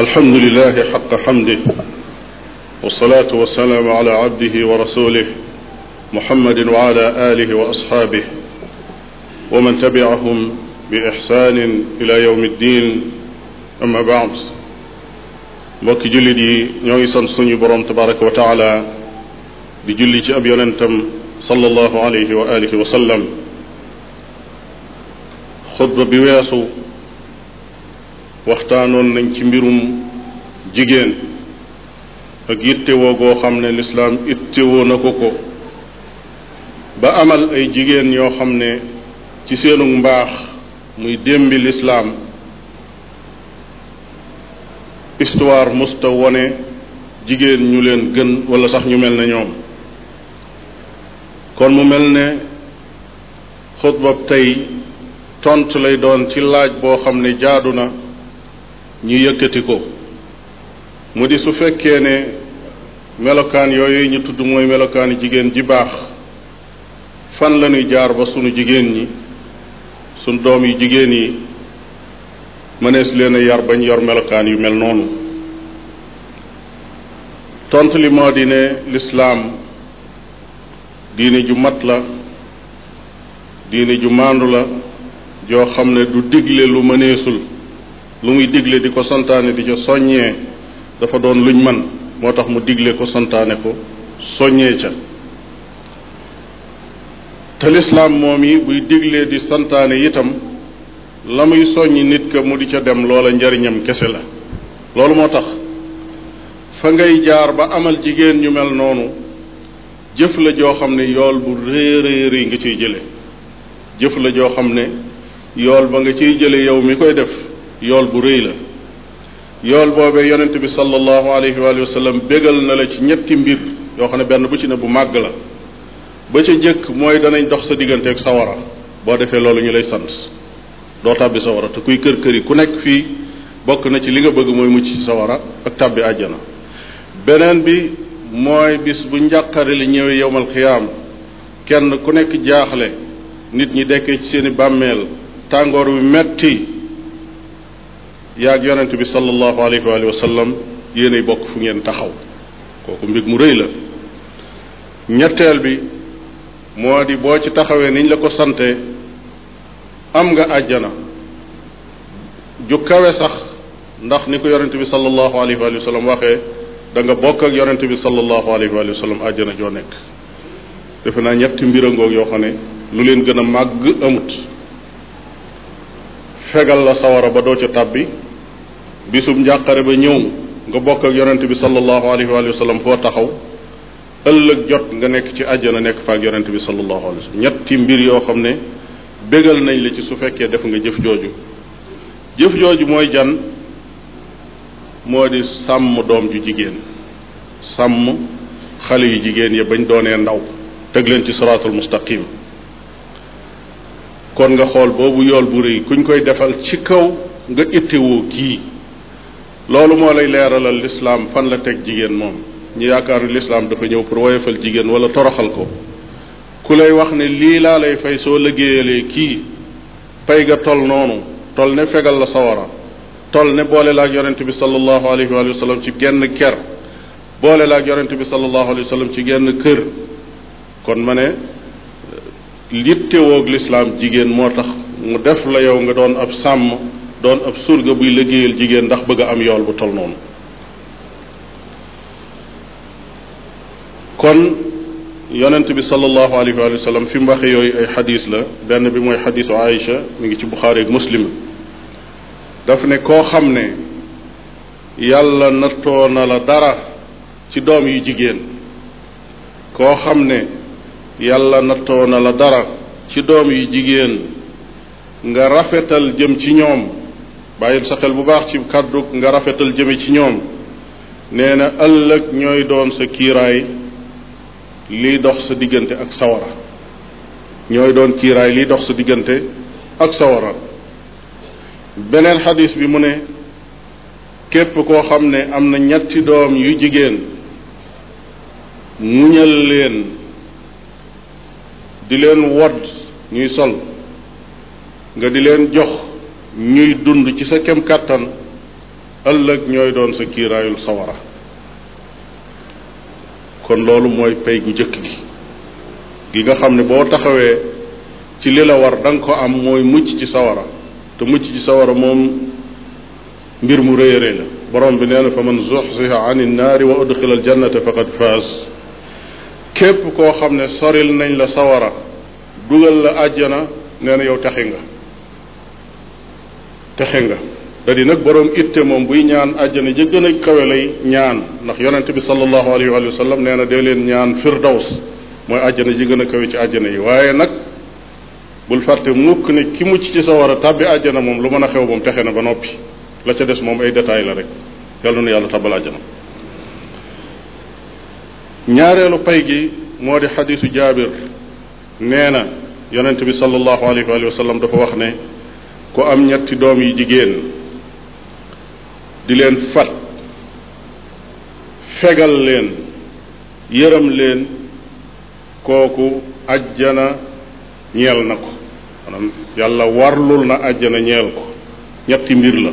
alhamdulilahi xaqa xamdi walsalaatu walsalaamu ala abdihi wa rasulih muhammadin wa ala alihi wa asxaabih wa man tabiahum bi ixsanin ila yawmi ddin amma baad mbokki jullit yi ñoo ngi sant suñu boroom tabaraka wa taala di julli ci ab yonentam sallallahu alayhi wa alihi wa sallam xutba bi weesu waxtaanoon nañ ci mbirum jigéen ak yittewoo goo xam ne lislaam ittewoo na ko ko ba amal ay jigéen yoo xam ne ci seenu mbaax muy démbi lislaam histoire musta wone jigéen ñu leen gën walla sax ñu mel na ñoom kon mu mel ne xutbab tey tont lay doon ci laaj boo xam ne jaadu na ñu yëkkati ko mu di su fekkee ne melokaan yooyu ñu tudd mooy melokaanu jigéen ji baax fan la ñuy jaar ba sunu jigéen ñi sunu doom yu jigéen yi mënees leen yar bañ yor melokaan yu mel noonu tontu li moo di ne lislaam diine ju mat la diine ju màndu la joo xam ne du digle lu mëneesul lu muy digle di ko santaane di ca soññee dafa doon luñ man moo tax mu digle ko santaane ko soññee ca te moom yi buy diglee di santaane itam la muy soññi nit ka mu di ca dem loola njariñam kese la loolu moo tax fa ngay jaar ba amal jigéen ñu mel noonu jëf la joo xam ne yool bu yi nga ciy jële jëf la joo xam ne yool ba nga ciy jële yow mi koy def yool bu rëy la yool boobee yonent bi sallallahu alayhi wa sallam bégal na la ci ñetti mbir yoo xam ne benn bu ci ne bu màgg la ba ca njëkk mooy danañ dox sa diggante ak sawara boo defee loolu ñu lay sant doo tàbbi sawara te kuy kër kër yi ku nekk fii bokk na ci li nga bëgg mooy mucc ci sawara ak tàbbi àjjana beneen bi mooy bis bu njàqare li ñëwee yowmal xiyaam kenn ku nekk jaaxle nit ñi dekkee ci seeni bàmmeel tàngoor wi metti yaag yonent bi sallallahu alayhi wa sallam yéenay bokk fu ngeen taxaw kooku mbir mu rëy la ñetteel bi moo di boo ci taxawee niñ la ko sante am nga àjjana ju kawe sax ndax ni ko yonent bi sallallahu alayhi wa sallam waxee da nga bokk ak yonent bi sallallahu alayhi wa sallam àjjana joo nekk defe naa ñetti mbir a ngoog yoo xam ne lu leen gën a màgg amut fegal la sawara ba doo ca tàbbi bisub njàqare ba ñëw nga bokk ak yonent bi sallallahu alayhi wa sallam foo taxaw ëllëg jot nga nekk ci àjjana nekk faak yonent bi sallallahu alayhi wa sallam ñetti mbir yoo xam ne bégal nañ la ci su fekkee def nga jëf jooju jëf jooju mooy jan moo di sàmm doom ju jigéen sàmm xale yu jigéen ya bañ doonee ndaw teg leen ci siraatul mustaqim kon nga xool boobu yool bu rëy kuñ koy defal ci kaw nga ittewoo kii loolu moo lay leeralal lislaam fan la teg jigéen moom ñu yaakaaru lislaam dafa ñëw pour woyofal jigéen wala toroxal ko ku lay wax ne lii laa lay fay soo liggéeyalee kii pay ga tol noonu tol ne fegal la sawara tol ne boole laa yonent bi sallallahu alayhi wa sallam ci genn ker boole laa yonent bi sallallahu alayhi wa sallam ci genn kër kon ma ne littewoog lislaam jigéen moo tax mu def la yow nga doon ab sàmm doon ab surga buy liggéeyal jigéen ndax bëgg a am yool bu tol noonu kon yonent bi sallallahu alayhi wa sallam fi mu waxe yooyu ay xadis la benn bi mooy xadisu Aïcha mi ngi ci Buxaari ak Muslim daf ne koo xam ne yàlla nattoo na la dara ci doom yu jigéen koo xam ne yàlla nattoo na la dara ci doom yu jigéen nga rafetal jëm ci ñoom bàyyil sa xel bu baax ci kàddu nga rafetal jëme ci ñoom nee na ëllëg ñooy doon sa kiiraay liy dox sa diggante ak sawara ñooy doon kiiraay liy dox sa diggante ak sawara beneen xadiis bi mu ne képp koo xam ne am na ñetti doom yu jigéen muñal leen di leen wodd ñuy sol nga di leen jox ñuy dund ci sa kem kàttan ëllëg ñooy doon sa kiiraayul sawara kon loolu mooy pay gu njëkk gi gi nga xam ne boo taxawee ci li la war da nga ko am mooy mucc ci sawara te mucc ci sawara moom mbir mu réy a borom bi nee na fa man zuxziha an innaari wa udxila aljannata faqad faas képp koo xam ne soril nañ la sawara dugal la àjjana nee na yow texe nga texe nga da di nag boroom itte moom buy ñaan àjjana ji gën a kawe lay ñaan ndax yonent bi sallallahu alayhi wa sallam nee na dee leen ñaan firdaws mooy àjjana ji gën a kawe ci àjjana yi waaye nag bul fàtte mukk ne ki mucc ci sawara tàbbi àjjana moom lu mën a xew moom texe na ba noppi la ca des moom ay détails la rek yàlla na yàlla tabal àjjana ñaareelu pay gi moo di xadiisu jaabir nee na yonent bi sallallahu alayhi wa sallam dafa wax ne ku am ñetti doom yi jigéen di leen fat fegal leen yërëm leen kooku ajjana ñeel na ko yàlla warlul na ajjana ñeel ko ñetti mbir la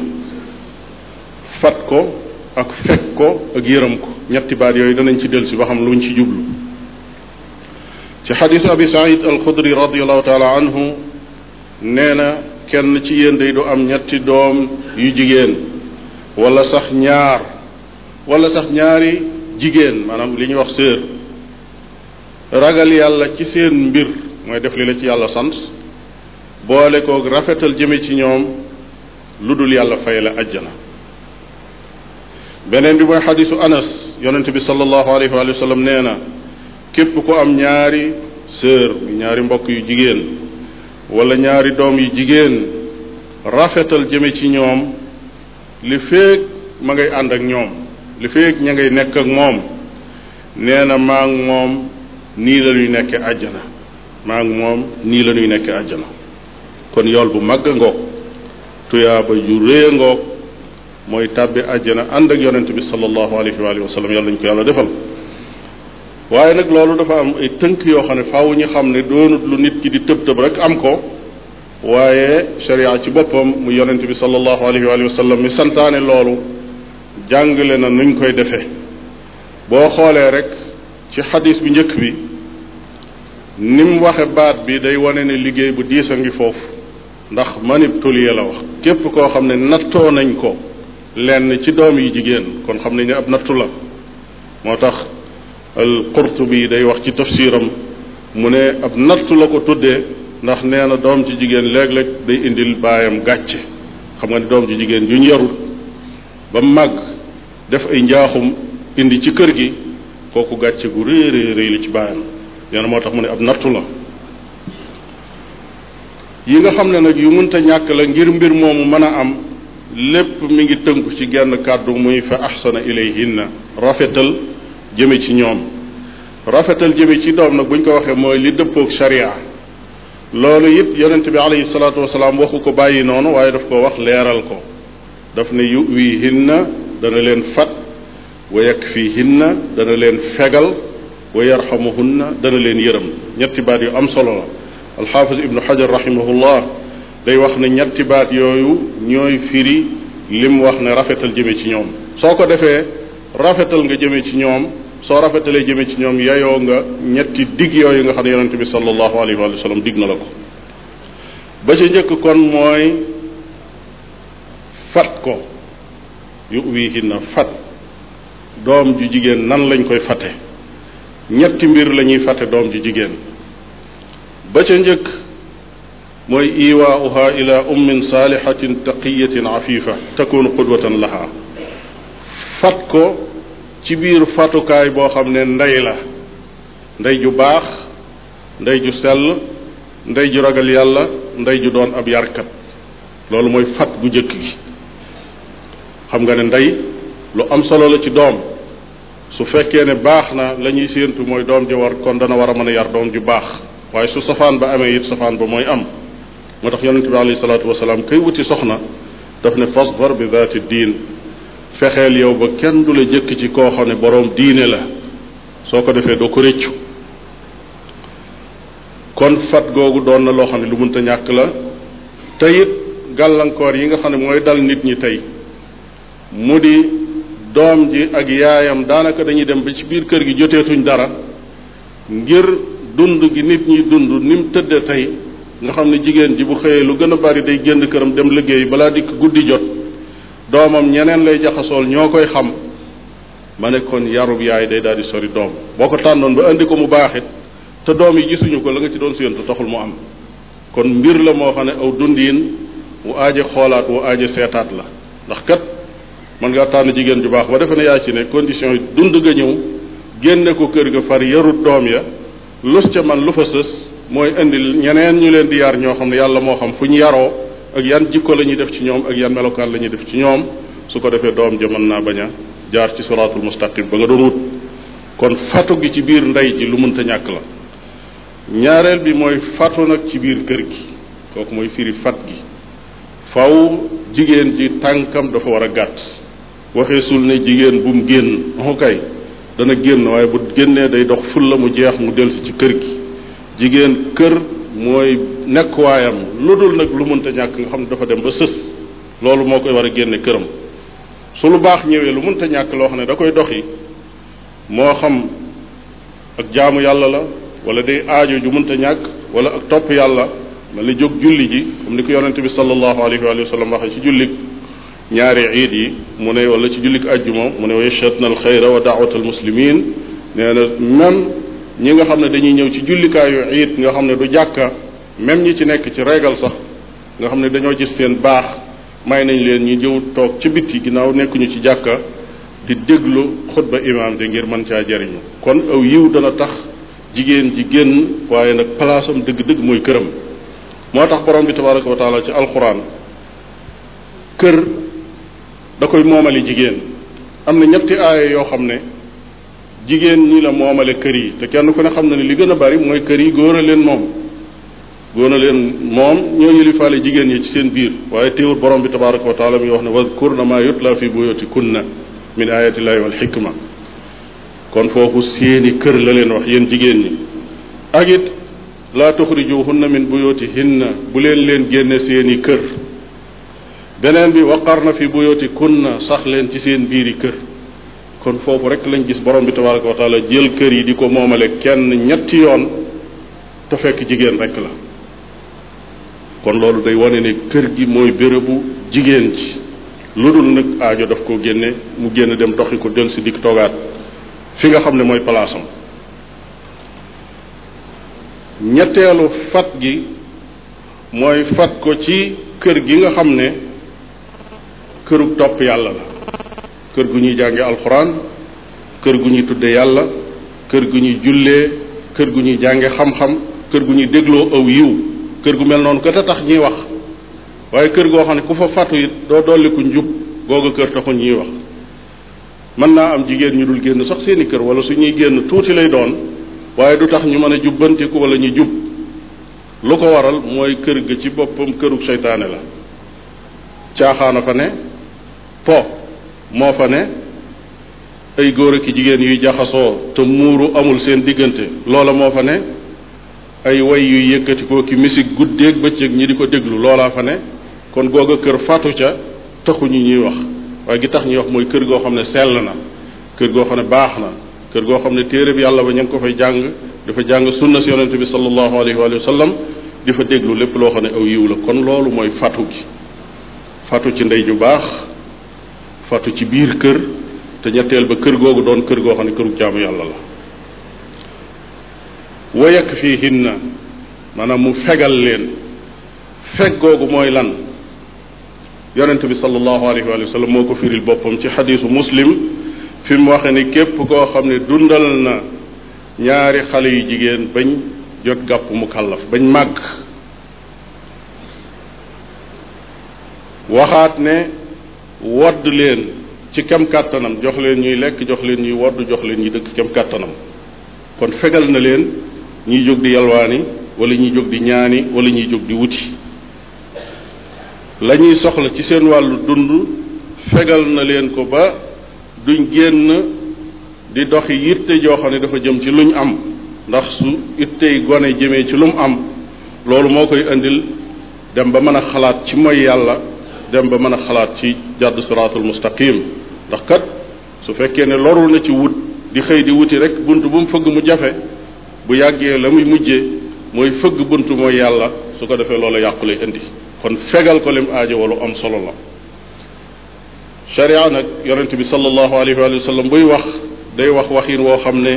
fat ko ak fekk ko ak yërëm ko ñetti baat yooyu danañ ci dellusi ba xam luñ ci jublu ci xadisu abi said alxudri radiallahu taala anhu nee na kenn ci yéen day du am ñetti doom yu jigéen wala sax ñaar wala sax ñaari jigéen maanaam li ñuy wax sœur ragal yàlla ci seen mbir mooy def li la ci yàlla sant boole kook rafetal jëme ci ñoom lu dul yàlla fay la ajjana beneen bi mooy xadisu anas yonent bi sallallahu alayhi wa sallam nee na képp ko am ñaari sœur ñaari mbokk yu jigéen walla ñaari doom yu jigéen rafetal jëme ci ñoom li feeg ma ngay ànd ak ñoom li feeg ña ngay nekk ak moom nee na maa ngi moom nii la ñuy nekkee àjjana maa ngi moom nii la ñuy nekkee àjjana kon yool bu mag a ngoog tuyaaba yu rëy a ngoog mooy tàbbi àjjana ànd ak yonent bi sallallahu alayhi wa sallam yàlla ñu ko yàlla defal waaye nag loolu dafa am ay tënk yoo xam ne faaw ñu xam ne doonut lu nit ki di tëb tëb rek am ko waaye sharia ci boppam mu yonent bi sallallahu alayhi wa sallam mi santaane loolu jàngle na nuñ koy defee boo xoolee rek ci xadis bu njëkk bi ni mu waxe baat bi day wane ne liggéey bu diis a ngi foofu ndax manib tuliya la wax képp koo xam ne nattoo nañ ko lenn ci doom yi jigéen kon xam nañ ne ab nattu la moo tax al qurtubi day wax ci tafsiram mu ne ab nattu la ko tuddee ndax nee na doom ci jigéen léeg-léeg day indil baayam gàcce xam nga ne doom ci jigéen juñ yarul ba màgg def ay njaaxum indi ci kër gi kooku gàcce gu rëy rëy rëy li ci baayam nee moo tax mu ne ab nattu la yi nga xam ne nag yu mënta ñàkk la ngir mbir moomu mën a am lépp mi ngi tënku ci genn kàddu muy fa ahsana ilayhinna rafetal jëme ci ñoom rafetal jëme ci doom nag buñ ko waxee mooy li dëppook sharia loolu it yonent bi alayhi salaatu wasalaam waxu ko bàyyi noonu waaye daf ko wax leeral ko daf ne yuwihinna dana leen fat wa yakfihinna dana leen fegal wa yarxamuhunna dana leen yërëm ñetti baat yu am solo la alxaafis ibnu xajar rahimahullah day wax ne ñetti baat yooyu ñooy firi lim wax ne rafetal jëme ci ñoom soo ko defee rafetal nga jëme ci ñoom soo rafetalee jëme ci ñoom yayoo nga ñetti digg yooyu nga xam ne yonente bi sallallahu alayhi wa sallam dig na la ko ba ca njëkk kon mooy fat ko yu wii na fat doom ju jigéen nan lañ koy fate ñetti mbir la ñuy fate doom ju jigéen ba ca njëkk mooy iwaauha ila ummin saalihatin taqiyatin afifa takunu qudwatan laha fat ko ci biir fatukaay boo xam ne ndey la ndey ju baax ndey ju sell ndey ju ragal yàlla ndey ju doon ab yarkat loolu mooy fat gu jëkk gi xam nga ne ndey lu am solo la ci doom su fekkee ne baax na la ñuy séentu mooy doom ji war kon dana wara mën a yar doom ju baax waaye su safaan ba amee it safaan ba mooy am moo tax yonente bi alayhi salaatu wasalaam kay wuti soxna daf ne fasbar bi daati diin fexeel yow ba kenn du la jëkk ci koo xam ne boroom diine la soo ko defee doo ko rëccu kon fat googu doon na loo xam ne lu mënta ñàkk la te it gàllankoor yi nga xam ne mooy dal nit ñi tey mu di doom ji ak yaayam daanaka dañuy dem ba ci biir kër gi joteetuñ dara ngir dund gi nit ñi dund ni mu tëdde tey nga xam ne jigéen ji bu xëyee lu gën a bari day génn këram dem liggéey balaa dikk guddi jot doomam ñeneen lay jaxasool ñoo koy xam ma nekkoon kon yarub yaay day daal di sori doom boo ko tànnoon ba indi ko mu baaxit te doom yi gisuñu ko la nga ci doon séentu taxul mu am kon mbir la moo xam ne aw dund dundiin mu aaje xoolaat wu aaje seetaat la ndax kat man nga tànn jigéen ju baax ba defe ne yaa ci ne condition yi dund nga ñëw génne ko kër ga far yarut doom ya lus man lu mooy indi indil ñeneen ñu leen di yar ñoo xam ne yàlla moo xam fu ñu yaroo ak yan jikko la ñuy def ci ñoom ak yan melokaan la ñuy def ci ñoom su ko defee doom ja naa bañ a jaar ci siraatul mustaqim ba nga doon wut kon fatu gi ci biir ndey ji lu mënta ñàkk la ñaareel bi mooy fatu nag ci biir kër gi kooku mooy firi fat gi faw jigéen ji tànkam dafa war a gàtt waxeesul ne jigéen bu mu génn ok dana génn waaye bu génnee day dox fulla mu jeex mu dellusi ci kër gi jigéen kër mooy nekkuwaayam lu dul nag lu mënta ñàkk nga xam ne dafa dem ba sës loolu moo koy war a génne këram su lu baax ñëwee lu mënta ñàkk loo xam ne da koy doxi moo xam ak jaamu yàlla la wala day aajo ju mënta ñàkk wala ak topp yàlla ma ni jóg julli ji comme ni ko yonente bi sallallahu alayhi wa sallam waxee ci jullik ñaari iid yi mu ne wala ci jullik ajjuma mu ne wa yachatna alxayra wa daawata almuslimin nee na même ñi nga xam ne dañuy ñëw ci jullikaayu iit nga xam ne du jàkka même ñi ci nekk ci régal sax nga xam ne dañoo gis seen baax may nañ leen ñu jëw toog ci bitti ginnaaw nekkuñu ci jàkka di déglu xutba imaam de ngir mën caa jariñu kon aw yiw dana tax jigéen ji génn waaye nag palaasam dëgg-dëgg mooy këram moo tax borom bi tabaraka wa ci alxuraan kër da koy moomali jigéen am na ñetti aaya yoo xam ne jigéen ñi la moomale kër yi te kenn ku ne xam na ne li gën a bari mooy kër yi góor a leen moom góor a leen moom ñoo yilifaale jigéen ñi ci seen biir waaye teewul borom bi tabaraka wa taala mi wax ne wadkurna ma yutla fi buyutikunna min ayatillahi wal xikma kon foofu seeni kër la leen wax yéen jigéen ñi ak it laa tuxrijuhunna min buyutihinna bu leen leen génne seeni kër beneen bi waqarna fi buyutikunna sax leen ci seen biiri kër kon foofu rek lañ gis borom bi tabaraka wa taala jël kër yi di ko moomale kenn ñetti yoon te fekk jigéen rek la kon loolu day wane ne kër gi mooy bérébu jigéen ci lu dul nag aajo daf ko génne mu génn dem doxi ko del si dikk toogaat fi nga xam ne mooy palaasam ñetteelu fat gi mooy fat ko ci kër gi nga xam ne kërug topp yàlla la kër gu ñuy jànge alxuraan kër gu ñuy tudde yàlla kër gu ñuy jullee kër gu ñuy jànge xam-xam kër gu ñuy dégloo aw yiw kër gu mel noonu kat a tax ñuy wax waaye kër goo xam ne ku fa fàttu it doo dolliku njub googa kër taxul ñuy wax mën naa am jigéen ñu dul génn sax seeni kër wala su ñuy génn tuuti lay doon waaye du tax ñu mën a jubbantiku walla ñu jub lu ko waral mooy kër gi ci boppam kërug seytaane la caaxaana fa ne po moo fa ne ay góor ak jigéen yuy jaxasoo te muuru amul seen diggante loola moo fa ne ay way yuy yëkkatikoo ki misik guddeeg bëccëg ñi di ko déglu loolaa fa ne kon googa kër fatu ca ñu ñuy wax waaye gi tax ñuy wax mooy kër goo xam ne sell na kër goo xam ne baax na kër goo xam ne téere bi yàlla ba ña ko fay jàng dafa jàng sunna si yonente bi sallallahu alayhi wa sallam di fa déglu lépp loo xam ne aw yiw la kon loolu mooy fatu gi fatu ci ndey ju baax fatu ci biir kër te ñetteel ba kër googu doon kër goo xam ne këru jaamu yàlla la wa yakfihinna maanaam mu fegal leen feg googu mooy lan yonente bi sallallahu alayhi wa sallam moo ko firil boppam ci xadiisu muslim fi mu waxe ni képp koo xam ne dundal na ñaari xale yu jigéen bañ jot gàpp mu bañ màgg waxaat ne wodd leen ci kem kàttanam jox leen ñuy lekk jox leen ñuy wodd jox leen ñuy dëkk kem kàttanam kon fegal na leen ñuy jóg di yalwaani wala ñuy jóg di ñaani walla ñuy jóg di wuti lañuy soxla ci seen wàllu dund fegal na leen ko ba duñ génn di doxi yitte joo xam ne dafa jëm ci luñ am ndax su ittey gone jëmee ci lu mu am loolu moo koy indil dem ba mën a xalaat ci mooy yàlla dem ba mën a xalaat ci jàdd siraatul mustaqim ndax kat su fekkee ne lorul na ci wut di xëy di wuti rek bunt bu mu fëgg mu jafe bu yàggee la mu mujjee mooy fëgg bunt mooy yàlla su ko defee loolu yàqule indi kon fegal ko lim aajo wala am solo la sharia nag yonente bi sallallahu alayhi wa sallam buy wax day wax waxin woo xam ne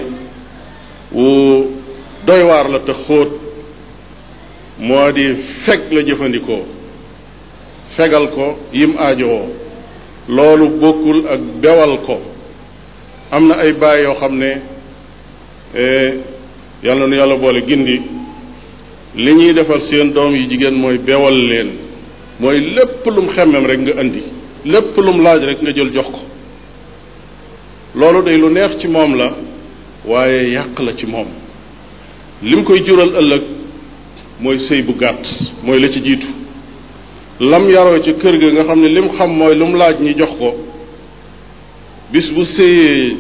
wu doy waar la te xóot moo di fekk la jëfandikoo fegal ko yim aajowoo loolu bokkul ak bewal ko am na ay baay yoo xam ne eh, yàlla nu yàlla boole gindi li ñuy defal seen doom yi jigéen mooy bewal leen mooy lépp lum xemmem rek nga indi lépp lum laaj rek nga jël jox ko loolu de lu neex ci moom la waaye yàq la ci moom lim koy jural ëllëg mooy sëy bu gàtt mooy la ci jiitu lam yaroo ci kër ga nga xam ne lim xam mooy lu mu laaj ñi jox ko bis bu séyee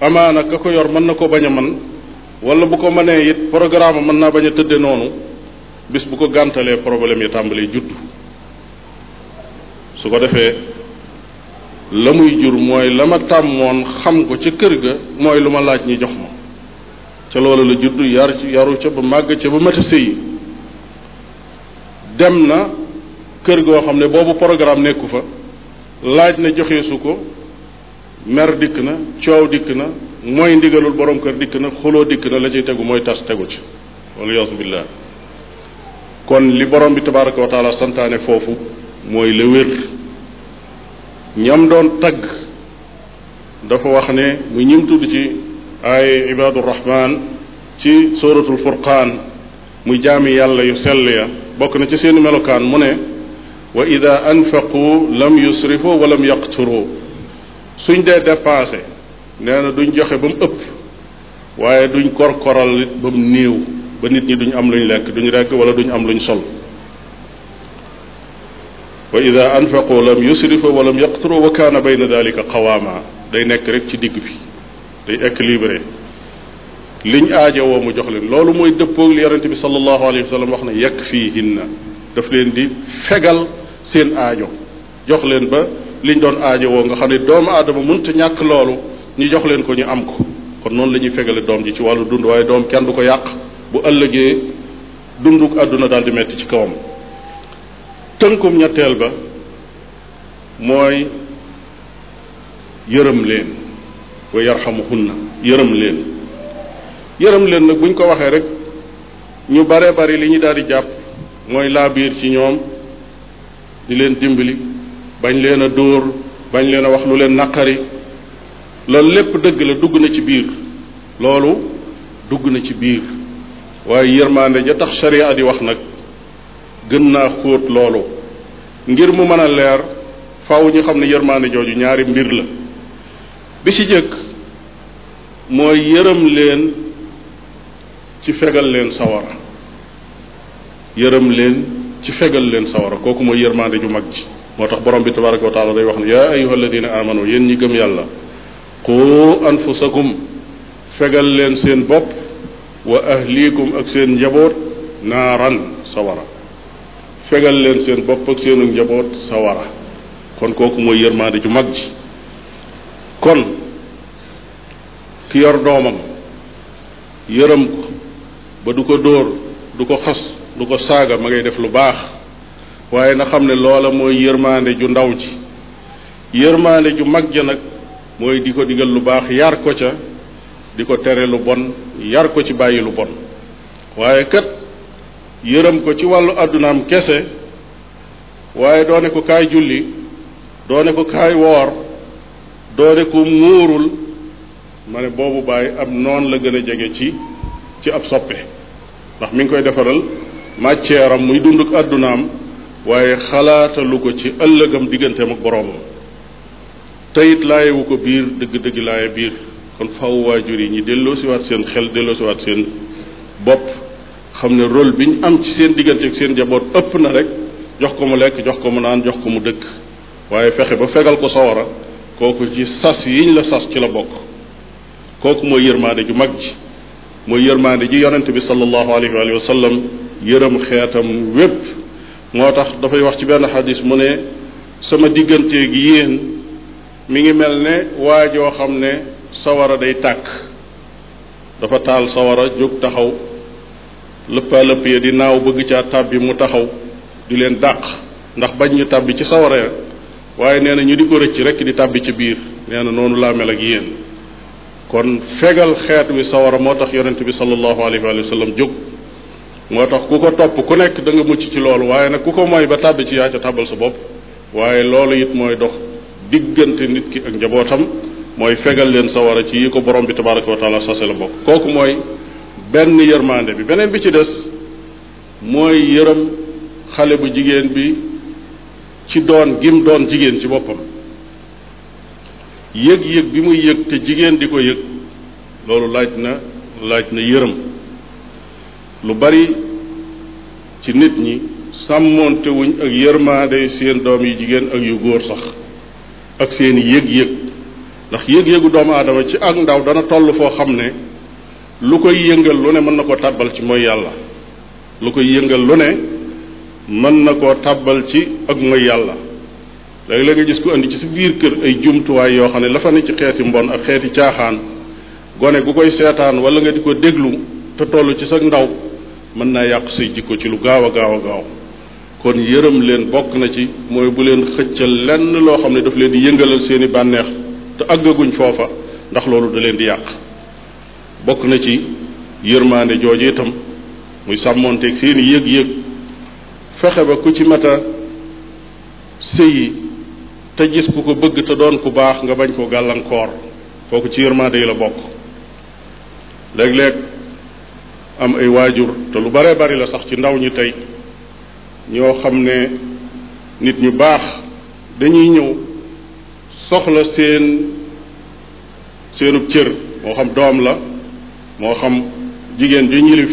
amaana ka ko yor mën na ko bañ a man wala bu ko mënee it programme mën naa bañ a tëdde noonu bis bu ko gàntalee problème yi tàmbalee juddu su ko defee la muy jur mooy la ma tàmmoon xam ko ca kër ga mooy lu ma laaj ñi jox ma ca loolu la juddu yar yaru ca ba màgg ca ba mata séyi dem na kër goo xam ne boobu programme nekku fa laaj na joxeesu ko mer dikk na coow dikk na mooy ndigalul borom kër dikk na xuloo dikk na la ciy tegu mooy tas tegu ci waliyaasu billaah kon li borom bi tabaraka wa santaane foofu mooy la ñam doon tagg dafa wax ne mu ñim tudd ci ay ibaadu ci suratul furqaan muy jaami yàlla yu sell ya bokk na ci seeni melokaan mu ne wa ida anfaqu lam yusrifu wa lam yaqturu suñ dee dépassé nee na duñ joxe ba mu ëpp waaye duñ korkoral it ba mu néew ba nit ñi duñ am luñ lekk duñ rekk wala duñ am luñ sol wa ida anfaqu lam yusrifu wa lam yaqturu wa kaana bayna dalika qawaama day nekk rek ci digg bi day équilibré liñ aajowoo mu jox leen loolu mooy dëppoog li yonente bi sallallahu alayhi wa sallam wax na yakfihinna daf leen di fegal seen aajo jox leen ba liñ doon aajo woo nga xam ne doomu aadama mënta ñàkk loolu ñu jox leen ko ñu am ko kon noonu la ñuy fegale doom ji ci wàllu dund waaye doom kenn du ko yàq bu ëllëgee dunduk àdduna daal di metti ci kawam tënkum ñetteel ba mooy yërëm leen wa yarxamuhunna yërëm leen yërëm leen nag buñ ko waxee rek ñu bare bari li ñu daal di jàpp mooy laa biir ci ñoom di leen dimbali bañ leen a dóor bañ leen a wax lu leen naqari loolu lépp dëgg la dugg na ci biir loolu dugg na ci biir waaye yërmaande ja tax sharia di wax nag gën naa xóot loolu ngir mu mën a leer faaw ñu xam ne yërmaande jooju ñaari mbir la bi ci jëkk mooy yërëm leen ci fegal leen sawara yërëm leen ci fegal leen sawara kooku mooy yërmande ju mag ji moo tax borom bi tabaraka wa taala day wax ne yaa ayuha alladina amanu yéen ñi gëm yàlla qu anfusakum fegal leen seen bopp wa ahlikum ak seen njaboot naaran sawara fegal leen seen bopp ak seenu njaboot sawara kon kooku mooy yërmande ju mag ji kon ki yor doomam yërëm ko ba du ko dóor du ko xas du ko saaga ma ngay def lu baax waaye na xam ne loola mooy yërmaande ju ndaw ji yërmaande ju mag ja nag mooy di ko digal lu baax yar ko ca di ko tere lu bon yar ko ci bàyyi lu bon waaye kat yërëm ko ci wàllu àddunaam kese waaye doone ko kaay julli doone ko kaay woor doone ko muurul ma ne boobu bàyyi ab noon la gën a jege ci ci ab soppe ndax mu ngi koy defaral matière muy dund ak àddunaam waaye xalaatalu ko ci ëllëgam digganteem ak boroomam teyit laayewu ko biir dëgg-dëgg laaye biir kon faw waajur yi ñi delloo siwaat seen xel delloo siwaat seen bopp xam ne role bi ñu am ci seen diggante ak seen njaboot ëpp na rekk jox ko mu lekk jox ko mu naan jox ko mu dëkk waaye fexe ba fegal ko sawara kooku ci sas yiñ la sas ci la bokk kooku mooy yërmaande ju mag ji mooy yërmaande ji yonente bi sallallahu alayhi wa sallam yërëm xeetam wépp moo tax dafay wax ci benn xadis mu ne sama digganteeg yéen mi ngi mel ne waa joo xam ne sawara day tàkk dafa taal sawara jóg taxaw lëppaa lëpp ya di naaw bëgg caa tàbbi mu taxaw di leen dàq ndax bañ ñu tàbbi ci sawara ya waaye nee na ñu di ko rëcc rekk di tàbbi ci biir nee na noonu laa mel ak yéen kon fegal xeet wi sawara moo tax yonent bi sallallahu alayhi wa sallam jóg moo tax ku ko topp ku nekk da nga mucc ci loolu waaye nag ku ko mooy ba tàbbi ci yaa ca tàbbal sa bopp waaye loolu it mooy dox diggante nit ki ak njabootam mooy fegal leen sawara ci yi ko boroom bi tabaraka wa taala sase la bokk kooku mooy benn yërmande bi beneen bi ci des mooy yërëm xale bu jigéen bi ci doon gim doon jigéen ci boppam yëg-yëg bi mu yëg te jigéen di ko yëg loolu laaj na laaj na yërëm lu bari ci nit ñi sàmmoonte wuñ ak yërmaande seen doom yu jigéen ak yu góor sax ak seen yëg-yëg ndax yëg-yëgu doomu aadama ci ak ndaw dana toll foo xam ne lu koy yëngal lu ne mën na koo tàbbal ci mooy yàlla lu koy yëngal lu ne mën na koo tàbbal ci ak mooy yàlla léegi-léeg nga gis ku indi ci si biir kër ay jumtuwaay yoo xam ne la fa ne ci xeeti mbon ak xeeti caaxaan gone gu koy seetaan wala nga di ko déglu te toll ci sag ndaw mën naa yàq say jikko ci lu gaaw a gaaw a kon yërëm leen bokk na ci mooy bu leen xëccal lenn loo xam ne daf leen di yëngalal seeni bànneex te àggaguñ foofa ndax loolu da leen di yàq bokk na ci yërmaande jooju muy sàmmoonteeg seeni yëg-yëg fexe ba ku ci mata sëyi te gis ku ko bëgg te doon ku baax nga bañ koo gàllankoor kooku ci yërmaande yi la bokk léeg-léeg am ay waajur te lu bare bari la sax ci ndaw ñi tey ñoo xam ne nit ñu baax dañuy ñëw soxla seen seenub cër moo xam doom la moo xam jigéen ju ñilif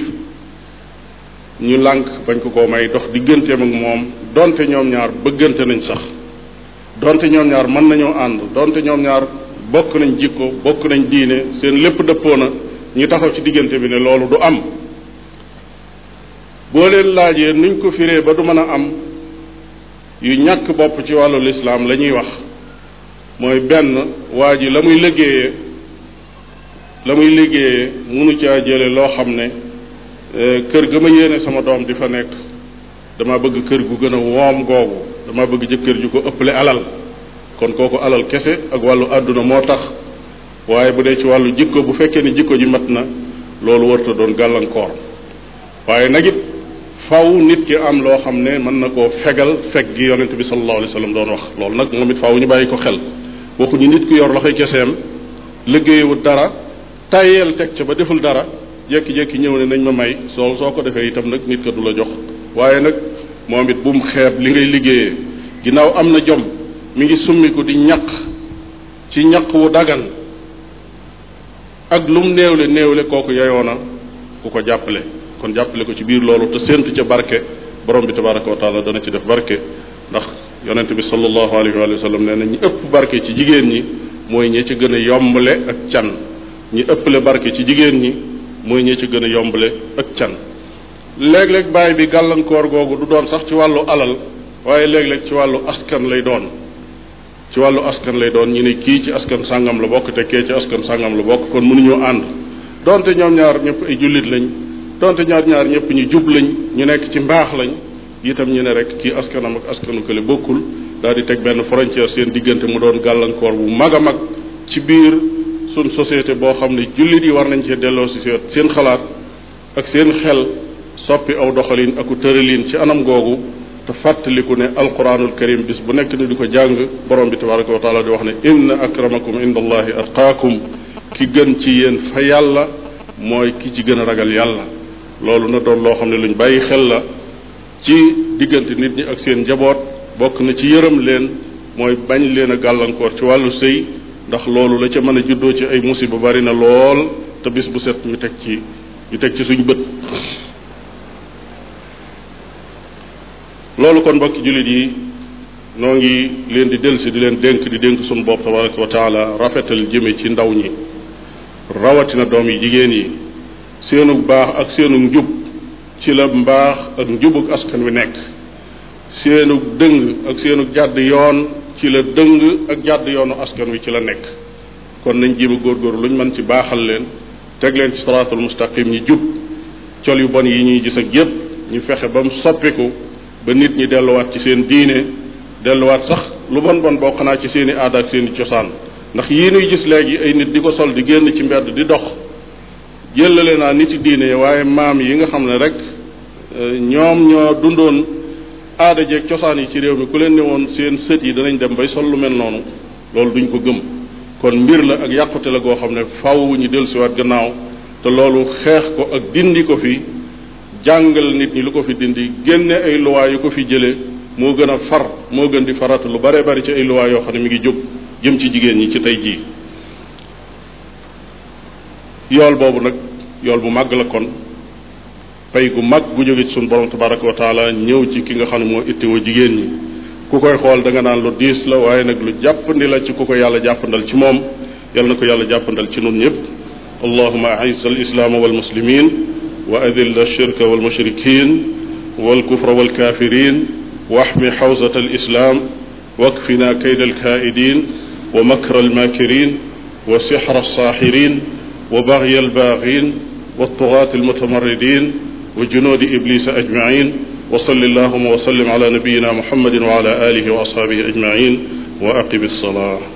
ñu lank bañ ko koo may dox digganteem ak moom donte ñoom ñaar bëggante nañ sax donte ñoom ñaar mën nañoo ànd donte ñoom ñaar bokk nañ jikko bokk nañ diine seen lépp dëppoo na ñu taxaw ci diggante bi ne loolu du am boo leen laajee nuñ ko firee ba du mën a am yu ñàkk bopp ci wàllu lislaam la ñuy wax mooy benn waa ji la muy liggéeyee la muy liggéeye munu caa jële loo xam ne euh, kër ga ma yéene sama doom di fa nekk dama bëgg kër gu gën a woom googu dama bëgg jëkkër ju ko ëppale alal kon kooku alal kese ak wàllu àdduna moo tax waaye bu dee ci wàllu jikko bu fekkee ni jikko ji mat na loolu warta doon gàllankoor waaye nag it faw nit ki am loo xam ne mën na koo fegal fekk gi yonent bi sallallahu alayhi wa sallam wax loolu nag moom it faw ñu bàyyi ko xel waxuñu nit ku yor loxoy keseem liggéeyewut dara tayeel teg ca ba deful dara jékki-jékki ñëw ne nañ ma may soo soo ko defee itam nag nit ka du la jox waaye nag moom it bu mu xeeb li ngay liggéeyee ginnaaw am na jom mu ngi summiku di ñaq ci ñaq wu dagan ak lum néewle néewle kooku yeyoo na ku ko jàppale kon jàppale ko ci biir loolu te séentu ca barke borom bi tabaraka wa taala dana ci def barke ndax yonente bi sallallahu alayhi wa sallam nee na ñi ëpp barke ci jigéen ñi mooy ñee ci gën a yombale ak can ñi ëpple barke ci jigéen ñi mooy ñee ci gën a yombale ak can léeg-léeg bi gàllankoor googu du doon sax ci wàllu alal waaye léeg-léeg ci wàllu askan lay doon ci wàllu askan lay doon ñu ne kii ci askan sàngam la bokk te kee ci askan sàngam la bokk kon mënuñoo ànd donte ñoom ñaar ñëpp ay jullit lañ donte ñaar ñaar ñëpp ñu jub lañ ñu nekk ci mbaax lañ itam ñu ne rek kii askanam ak askanu kële bokkul daal di teg benn frontière seen diggante mu doon gàllankoor bu mag a mag ci biir suñ societé boo xam ne jullit yi war nañ cee delloo si seen xalaat ak seen xel soppi aw doxaliin aku tëralin ci anam googu te fàttaliku ne alquranul karim bis bu nekk ni di ko jàng borom bi tabaraka wa taala di wax ne inna akramakum inda allahi atqaakum ki gën ci yéen fa yàlla mooy ki ci gën ragal yàlla loolu na doon loo xam ne luñ bàyyi xel la ci diggante nit ñi ak seen njaboot bokk na ci yërëm leen mooy bañ leen a gàllankoor ci wàllu sëy ndax loolu la ca mën a juddoo ci ay musiba bari na lool te bis bu set ñu teg ci ñu teg ci suñu bët loolu kon mbokki jullit yi noo ngi leen di dellusi di leen dénk di dénk suñu bopp tabaraka wa taala rafetal jëme ci ndaw ñi rawatina doom yi jigéen yi seenug baax ak seenug njub ci la mbaax ak njubug askan wi nekk seenug dëng ak seenug jàdd yoon ci la dëng ak jàdd yoonu askan wi ci la nekk kon nañ jéem góor góorgóorlu luñ mën ci baaxal leen teg leen ci saraatul mustaqim ñi jub col yu bon yi ñuy gis ak yépp ñu fexe ba mu soppiku ba nit ñi delluwaat ci seen diine delluwaat sax lu bon bon boo xanaa ci seeni i aada ak seen cosaan ndax yii nuy gis léegi ay nit di ko sol di génn ci mbedd di dox jëlale naa nit ci diine yi waaye maam yi nga xam ne rek eh, ñoom ñoo dundoon aada jeeg cosaan yi ci réew mi ku leen ne woon seen sët yi danañ dem bay sol lu mel noonu loolu duñu ko gëm kon mbir la ak yàqute la goo xam ne faw ñu dellusiwaat gannaaw te loolu xeex ko ak dindi ko fi jàngal nit ñi lu ko fi dindi génne ay luwaay yu ko fi jële moo gën a far moo gën di faratu lu bare bari ci ay luwaay yoo xam ne mi ngi jóg jëm ci jigéen ñi ci tey jii yool boobu nag yool bu màgg la kon pay gu mag gu jóge ci suñu borom tabaraka wa taala ñëw ci ki nga xam ne moo ittewoo jigéen ñi ku koy xool da nga naan lu diis la waaye nag lu jàppandi la ci ku ko yàlla jàppandal ci moom yàlla na ko yàlla jàppandal ci nun ñëpp allahuma aiz al islaama wal muslimin wa adil ashirka wal mushrikin wal kufra wal wa makra al makirin wa sixra al saaxirin wa baghiya albaaxin wa tugaati almutamaridin wa junuudi iblisa ajmain wa salli allahuma wa sallim ala nabiyina muhammadin wa ala alihi wa ashaabihi ajmain wa aqimi alsalaa